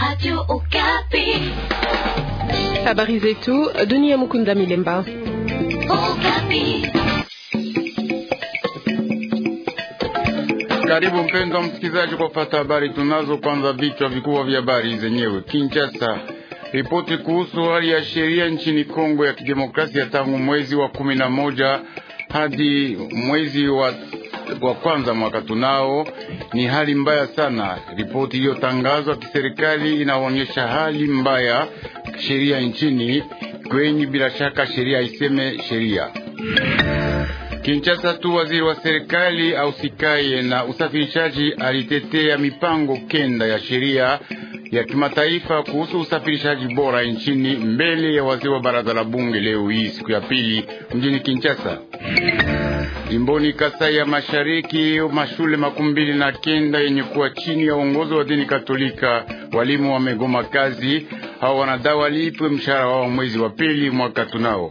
Radio Okapi. Habari zetu dunia. Mukunda Milemba. Okapi. Karibu mpendwa msikilizaji kwa fata habari tunazo. Kwanza vichwa vikubwa vya habari zenyewe. Kinshasa, ripoti kuhusu hali ya sheria nchini Kongo ya Kidemokrasia tangu mwezi wa kumi na moja hadi mwezi wa wa kwanza mwaka tunao, ni hali mbaya sana. Ripoti iliyotangazwa kiserikali inaonyesha hali mbaya sheria nchini kwenye, bila shaka sheria iseme sheria. Kinshasa tu waziri wa serikali ausikaye na usafirishaji alitetea mipango kenda ya sheria ya kimataifa kuhusu usafirishaji bora nchini mbele ya waziri wa baraza la bunge leo hii siku ya pili mjini Kinshasa. Jimboni Kasai ya Mashariki, mashule makumi mbili na kenda yenye kuwa chini ya uongozi wa dini Katolika, walimu wamegoma kazi. Hao wanadai walipwe mshahara wao mwezi wa pili mwaka tunao.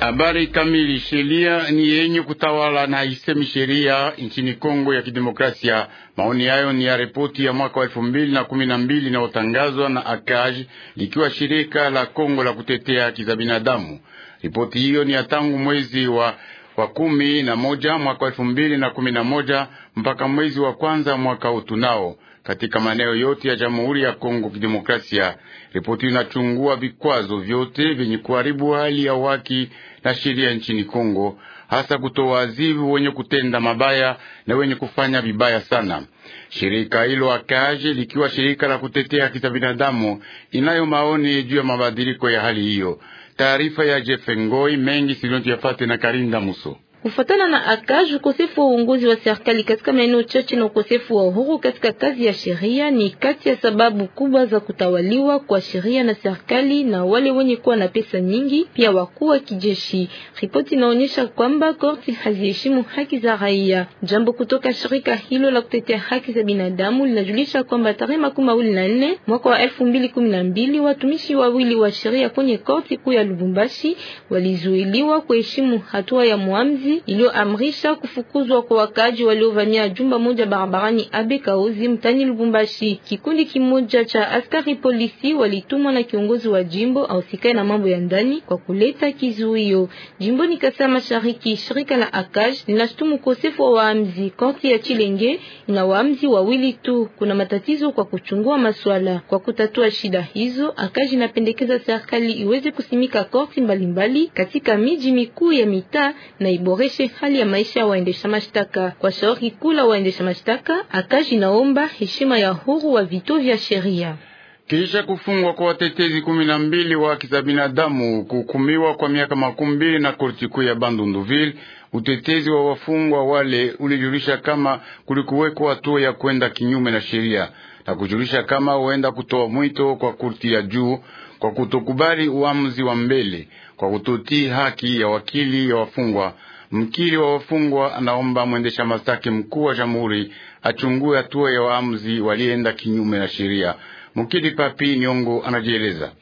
Habari kamili. Sheria ni yenye kutawala na isemi sheria nchini Kongo ya Kidemokrasia. Maoni hayo ni ya ripoti ya mwaka wa elfu mbili na kumi na mbili inayotangazwa na akaj likiwa shirika la Kongo la kutetea haki za binadamu. Ripoti hiyo ni ya tangu mwezi wa wa kumi na moja mwaka elfu mbili na kumi na moja mpaka mwezi wa kwanza mwaka utunao katika maeneo yote ya Jamhuri ya Kongo Kidemokrasia. Ripoti inachungua vikwazo vyote vyenye kuharibu hali ya waki na sheria nchini Kongo, hasa kutowazivu wenye kutenda mabaya na wenye kufanya vibaya sana. Shirika hilo Akaje, likiwa shirika la kutetea haki za binadamu, inayo maoni juu ya mabadiliko ya hali hiyo taarifa ya ngoi mengi siliotu yafate na Karinda Muso. Kufatana na akaj, ukosefu wa uongozi wa serikali katika maeneo chache na ukosefu wa uhuru katika kazi ya sheria ni kati ya sababu kubwa za kutawaliwa kwa sheria na serikali na wale wenye kuwa na pesa nyingi, pia wakuu wa kijeshi. Ripoti inaonyesha kwamba korti haziheshimu haki za raia. Jambo kutoka shirika hilo la kutetea haki za binadamu linajulisha kwamba tarehe makumi mawili na nne mwaka wa elfu mbili kumi na mbili watumishi wawili wa sheria kwenye korti kuu ya Lubumbashi walizuiliwa kuheshimu hatua ya muamzi kazi iliyoamrisha kufukuzwa kwa wakaaji waliovamia jumba moja barabarani Abe Kaozi mtani Lubumbashi. Kikundi kimoja cha askari polisi walitumwa na kiongozi wa jimbo ausikae na mambo ya ndani kwa kuleta kizuio jimboni Kasai Mashariki. Shirika la Akaj linashutumu ukosefu wa waamzi. Korti ya Chilenge ina waamzi wawili tu. Kuna matatizo kwa kuchungua masuala. Kwa kutatua shida hizo, ACAJ inapendekeza serikali iweze kusimika korti mbalimbali katika miji mikuu ya mitaa na ibora iboreshe hali ya maisha ya waendesha mashtaka. Kwa shauri kuu la waendesha mashtaka, akaji naomba heshima ya huru wa vituo vya sheria kisha kufungwa kwa watetezi kumi na mbili wa haki za binadamu kuhukumiwa kwa miaka makumi mbili na korti kuu ya Bandunduville. Utetezi wa wafungwa wale ulijulisha kama kulikuwekwa hatua ya kwenda kinyume na sheria na kujulisha kama huenda kutoa mwito kwa korti ya juu kwa kutokubali uamuzi wa mbele kwa kutotii haki ya wakili ya wafungwa Mkili wa wafungwa anaomba mwendesha mastaki mkuu wa jamhuri achungue hatua ya waamuzi walienda kinyume na sheria. Mkili Papi Nyongo anajieleza.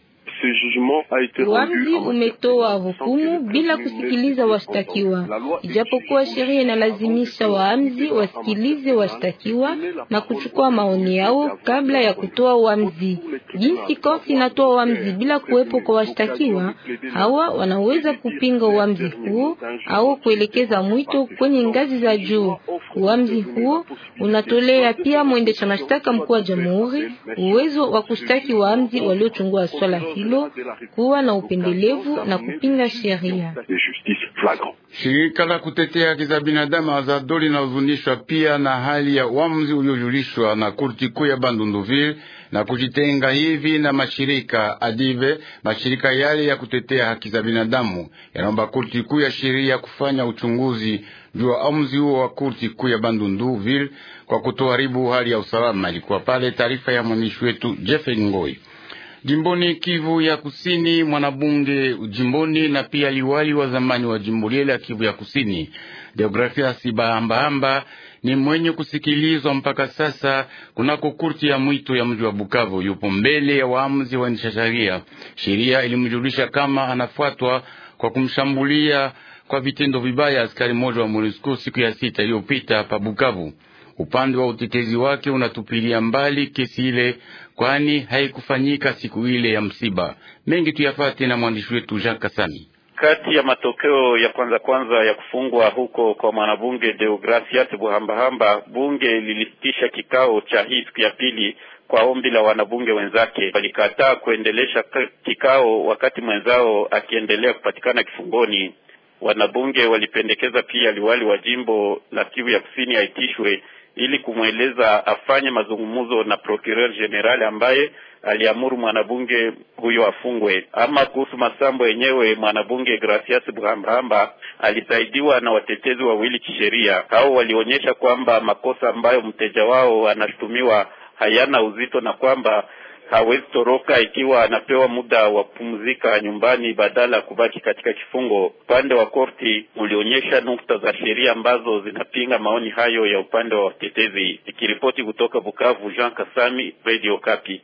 Uamuzi umetoa hukumu bila kusikiliza washtakiwa, ijapokuwa sheria inalazimisha waamzi wasikilize washtakiwa na kuchukua maoni yao kabla ya kutoa uamuzi. Jinsi korti inatoa uamuzi bila kuwepo kwa washtakiwa hawa, wanaweza kupinga uamuzi huo au kuelekeza mwito kwenye ngazi za juu. Uamuzi huo unatolea pia mwendesha mashtaka mkuu wa jamhuri uwezo wa kushtaki waamuzi waliochungua swala hili hilo kuwa na upendelevu na kupinga sheria. Shirika la kutetea haki za binadamu Azado linahuzunishwa pia na hali ya uamuzi uliojulishwa na kurti kuu ya Bandunduville na kujitenga hivi na mashirika adive. Mashirika yale ya kutetea haki za binadamu yanaomba kurti kuu ya sheria kufanya uchunguzi juu ya uamuzi huo wa kurti kuu ya Bandunduville kwa kutoharibu hali ya usalama. Ilikuwa pale taarifa ya mwandishi wetu Jeff Ngoi. Jimboni Kivu ya Kusini, mwanabunge jimboni na pia liwali wa zamani wa jimbo lile la Kivu ya Kusini, Deografia Sibahambaamba ni mwenye kusikilizwa mpaka sasa kunako kurti ya mwito ya mji wa Bukavu. Yupo mbele ya waamuzi nisha sheria. Sheria ilimjulisha kama anafuatwa kwa kumshambulia kwa vitendo vibaya askari mmoja wa MONUSCO siku ya sita iliyopita pa Bukavu. Upande wa utetezi wake unatupilia mbali kesi ile, kwani haikufanyika siku ile ya msiba. Mengi tuyafate na mwandishi wetu Jean Kasami. Kati ya matokeo ya kwanza kwanza ya kufungwa huko kwa mwanabunge Deogracias Buhambahamba, bunge lilisitisha kikao cha hii siku ya pili kwa ombi la wanabunge wenzake. Walikataa kuendelesha kikao wakati mwenzao akiendelea kupatikana kifungoni. Wanabunge walipendekeza pia liwali wa jimbo la Kivu ya Kusini aitishwe ili kumweleza afanye mazungumzo na procureur general ambaye aliamuru mwanabunge huyo afungwe. Ama kuhusu masambo yenyewe, mwanabunge Gracias Buhambahamba alisaidiwa na watetezi wawili kisheria. Hao walionyesha kwamba makosa ambayo mteja wao anashutumiwa hayana uzito na kwamba hawezi toroka ikiwa anapewa muda wa kupumzika nyumbani badala ya kubaki katika kifungo. Upande wa korti ulionyesha nukta za sheria ambazo zinapinga maoni hayo ya upande wa watetezi. Ikiripoti kutoka Bukavu, Jean Kasami, Radio Kapi.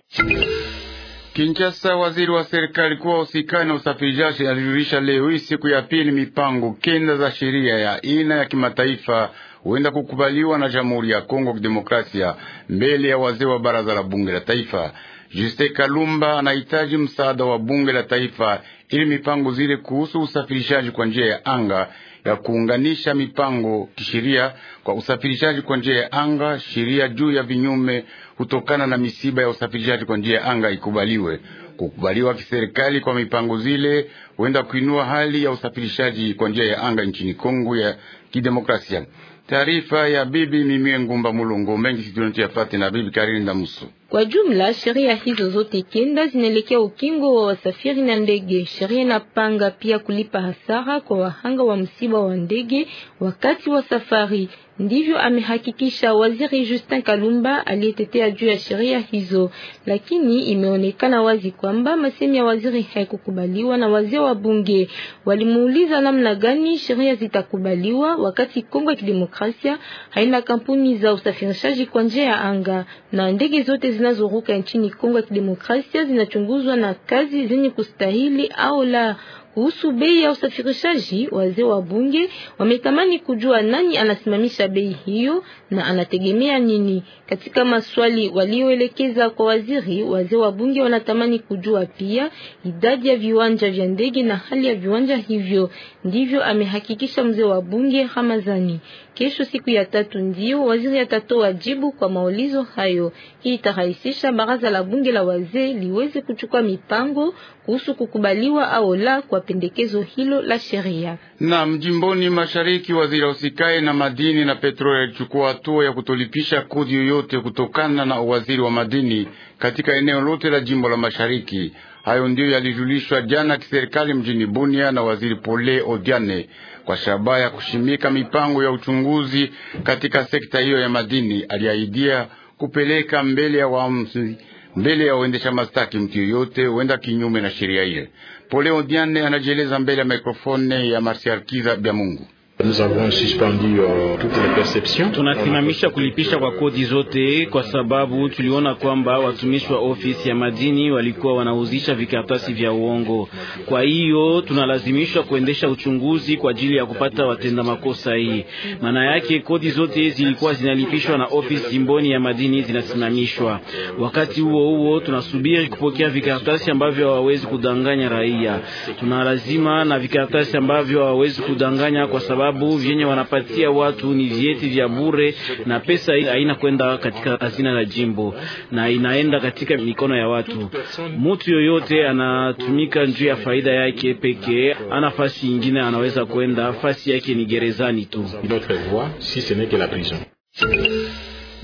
Kinshasa, waziri wa serikali kuwa usikani na usafirishaji alijulisha leo hii siku ya pili mipango kenda za sheria ya ina ya kimataifa huenda kukubaliwa na Jamhuri ya Kongo Kidemokrasia mbele ya wazee wa baraza la bunge la taifa. Juste Kalumba anahitaji msaada wa bunge la taifa ili mipango zile kuhusu usafirishaji kwa njia ya anga ya kuunganisha mipango kisheria kwa usafirishaji kwa njia ya anga, sheria juu ya vinyume kutokana na misiba ya usafirishaji kwa njia ya anga ikubaliwe. Kukubaliwa kiserikali kwa mipango zile huenda kuinua hali ya usafirishaji kwa njia ya anga nchini Kongo ya Kidemokrasia. Taarifa ya bibi Mimie Ngumba Mulungu mengi situnati na bibi Karine Ndamusu. Kwa jumla, sheria hizo zote kenda zinaelekea ukingo wa wasafiri na ndege. Sheria inapanga pia kulipa hasara kwa wahanga wa msiba wa ndege wakati wa safari. Ndivyo amehakikisha waziri Justin Kalumba aliyetetea juu ya sheria hizo, lakini imeonekana wazi kwamba masemi ya waziri haikukubaliwa na wazee wa bunge. Walimuuliza namna gani sheria zitakubaliwa wakati Kongo ya Kidemokrasia haina kampuni za usafirishaji kwa njia ya anga na ndege zote zina zinazoruka nchini Kongo ya Kidemokrasia zinachunguzwa na kazi zenye kustahili au la. Kuhusu bei ya usafirishaji, wazee wa bunge wametamani kujua nani anasimamisha bei hiyo na anategemea nini. Katika maswali walioelekeza kwa waziri, wazee wa bunge wanatamani kujua pia idadi ya viwanja vya ndege na hali ya viwanja hivyo. Ndivyo amehakikisha mzee wa bunge Hamazani. Kesho siku ya tatu ndio waziri atatoa jibu kwa maulizo hayo. Hii itarahisisha baraza la bunge la wazee liweze kuchukua mipango kuhusu kukubaliwa au la kwa pendekezo hilo la sheria. Na mjimboni mashariki, waziri usikae na madini na petroli alichukua hatua ya kutolipisha kodi yoyote kutokana na uwaziri wa madini katika eneo lote la jimbo la mashariki. Hayo ndiyo yalijulishwa jana kiserikali mjini Bunia na waziri Pole Odiane kwa shabaha ya kushimika mipango ya uchunguzi katika sekta hiyo ya madini. Aliahidia kupeleka mbele ya waamuzi mbele ya waendesha mastaki. Mtu yoyote huenda kinyume na sheria ile. Poleo Diane anajieleza mbele ya mikrofone ya Marsial Kiza Bya Mungu. Euh, Tunasimamisha kulipisha kwa kodi zote kwa sababu tuliona kwamba watumishi wa ofisi ya madini walikuwa wanauzisha vikaratasi vya uongo. Kwa hiyo tunalazimishwa kuendesha uchunguzi kwa ajili ya kupata watenda makosa hii. Maana yake kodi zote zilikuwa zinalipishwa na ofisi jimboni ya madini zinasimamishwa. Wakati huo huo, tunasubiri kupokea vikaratasi ambavyo hawawezi kudanganya raia. Tunalazima na vikaratasi ambavyo hawawezi kudanganya kwa sababu sababu vyenye wanapatia watu ni vyeti vya bure, na pesa haina kwenda katika hazina la jimbo na inaenda katika mikono ya watu. Mtu yoyote anatumika juu ya faida yake pekee, ana fasi ingine anaweza kwenda, fasi yake ni gerezani tu.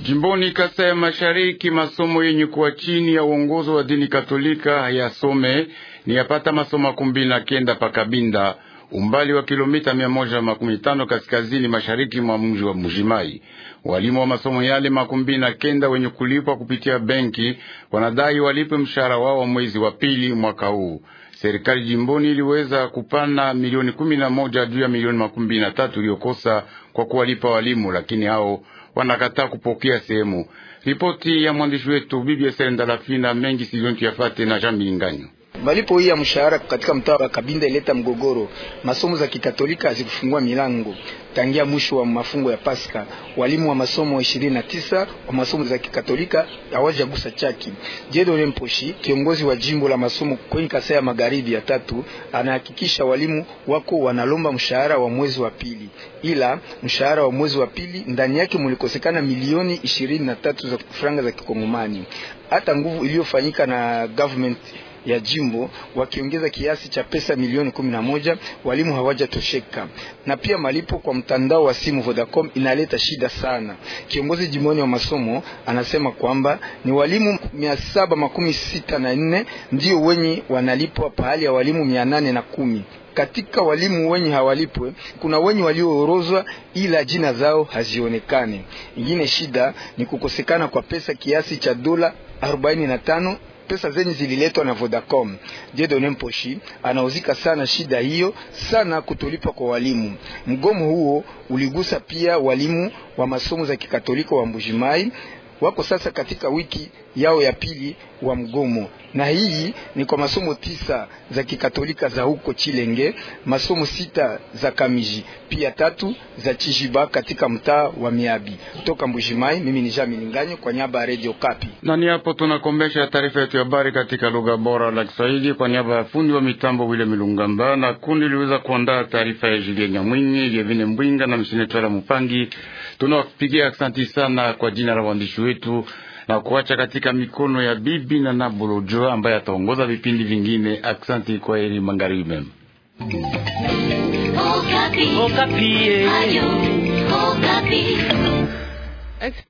Jimboni Kasai ya Mashariki, masomo yenye kuwa chini ya uongozi wa dini Katolika hayasome ni yapata masomo makumi mbili na kenda pa Kabinda umbali wa kilomita mia moja makumi tano kaskazini mashariki mwa mji wa Mujimai. Walimu wa masomo yale makumi mbili na kenda wenye kulipwa kupitia benki wanadai walipe mshahara wao wa mwezi wa pili mwaka huu. Serikali jimboni iliweza kupana milioni kumi na moja juu ya milioni makumi mbili na tatu iliyokosa kwa kuwalipa walimu, lakini hao wanakataa kupokea sehemu. Ripoti ya mwandishi wetu Bibi Serendalafina mengi sijontu yafate na Jambi Inganyo. Malipo hii ya mshahara katika mtaa wa Kabinda ileta mgogoro. Masomo za Kikatolika hazikufungua milango tangia mwisho wa mafungo ya Pasaka. Walimu wa masomo 29 wa masomo za Kikatolika hawajagusa chaki. Jedore Mposhi, kiongozi wa jimbo la masomo kwenye Kasai ya Magharibi ya tatu, anahakikisha walimu wako wanalomba mshahara wa mwezi wa pili, ila mshahara wa mwezi wa pili ndani yake mulikosekana milioni 23 za franga za Kikongomani. Hata nguvu iliyofanyika na government ya jimbo wakiongeza kiasi cha pesa milioni kumi na moja, walimu hawajatosheka. Na pia malipo kwa mtandao wa simu Vodacom inaleta shida sana. Kiongozi jimboni wa masomo anasema kwamba ni walimu mia saba makumi sita na nne ndio wenye wanalipwa pahali ya walimu mia nane na kumi. Katika walimu wenye hawalipwe kuna wenye walioorozwa ila jina zao hazionekani. Ingine shida ni kukosekana kwa pesa kiasi cha dola 45 pesa zenye zililetwa na Vodacom. Jedone Mposhi anauzika sana shida hiyo sana kutolipa kwa walimu. Mgomo huo uligusa pia walimu wa masomo za kikatoliko wa Mbujimai wako sasa katika wiki yao ya pili wa mgomo, na hii ni kwa masomo tisa za kikatolika za huko Chilenge, masomo sita za Kamiji, pia tatu za Chijiba katika mtaa wa Miabi. Toka Mbujimai, mimi ni Jami Linganyo kwa niaba ya Radio Kapi. Na ni hapo tunakombesha taarifa yetu ya habari katika lugha bora la Kiswahili kwa niaba ya fundi wa mitambo wile Milungamba, na kundi liweza kuandaa taarifa ya Julie Nyamwinyi, Yevine Mbwinga na Msinetwala Mupangi. Tunawapigia asanti sana kwa jina la waandishi wetu na kuacha katika mikono ya bibi na Nabolojo ambaye ataongoza vipindi vingine. Asanti, kwa heri, mangaribi mema.